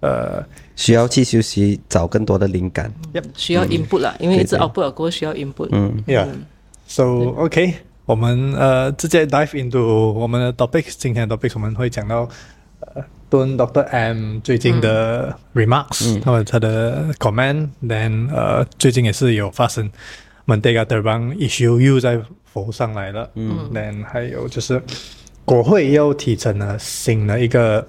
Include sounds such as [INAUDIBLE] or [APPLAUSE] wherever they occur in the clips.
呃，需要去休息，找更多的靈感。Yep, 需要 input、嗯、因為一直 output 對對需要 input 嗯。嗯，yeah，so okay，我們呃直接 dive into 我們的 topic。今天的 topic 我們會講到，敦、呃、Doctor M 最近的 remarks，咁、嗯、啊他的 comment、嗯、then 呃最近也是有發生，Mentega Terbang issue 又再浮上來了。嗯，then 還有就是國會又提成了新的一個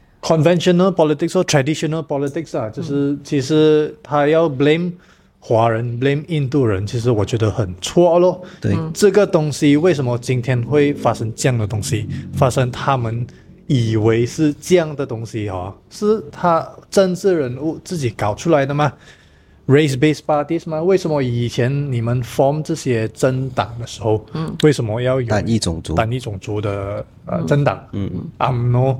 Conventional politics or traditional politics 啊，就是其實他要 blame 華人 blame 印度人，其實我覺得很錯咯。對。這個東西為什麼今天會發生這樣的東西？發生他們以為是這樣的東西哈、哦，是他政治人物自己搞出來的嗎？Race based parties 嗎？為什麼以前你們 form 這些政黨的時候，嗯、為什麼要有單一種族單一種族的呃政黨。嗯嗯。Umno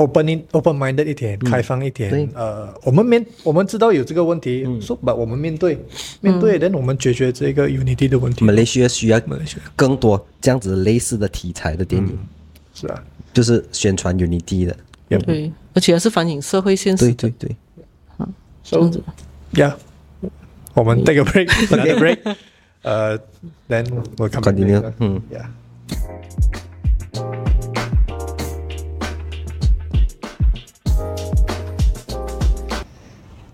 Open open-minded 一點，開放一點。呃，我們面我們知道有這個問題，所以把我們面對面對，然後我們解決這個 Unity 的問題。我們需要需要更多這樣子類似的題材的電影，是啊，就是宣傳 Unity 的。對，而且是反映社會現實。對對對，好，收住。Yeah，我們 take a break，another break。呃，then we come back。嗯，Yeah。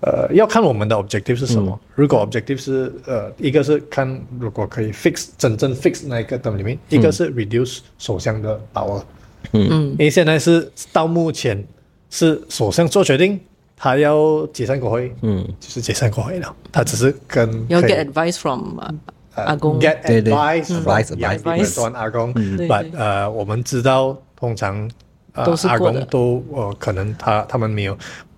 呃，要看我們的 objective 是什麼、嗯。如果 objective 是，呃，一個是看如果可以 fix 真正 fix 那一個 term limit，一個是 reduce 首相的把握。嗯嗯。因為現在是到目前是首相做決定，他要解散國會。嗯，就是解散國會了，他只是跟要 get advice from 阿、啊、公，啊啊、get 對對 e 楊。聽阿公，but 呃，我們知道通常、呃、都是阿公都、呃、可能他他們沒有。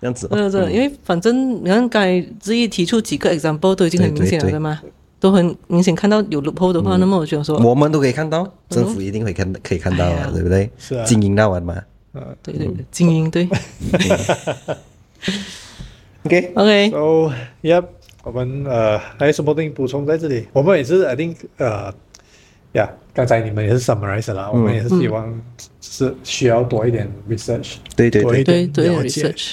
這樣子、哦對對對，因為反正，你看剛才志毅提出幾個 example 都已經很明顯嘅嘛，對對對都很明顯看到有 loophole 的話，嗯、那麼我想說，我們都可以看到，政府一定會看，可以看到啊、哎，對不對？是啊，精英那晚嘛，啊、嗯，對對，精英、哦、對。 [LAUGHS] OK，OK，So,、okay. okay. okay. yep，、yeah, 我們誒、呃，還有什麼嘢補充在這裏？我們也是，I think，誒、呃，呀、yeah,，剛才你們也是 summarize 啦、嗯，我們也是希望、嗯、是需要多一點 research，對對對對，對，對，對，對，research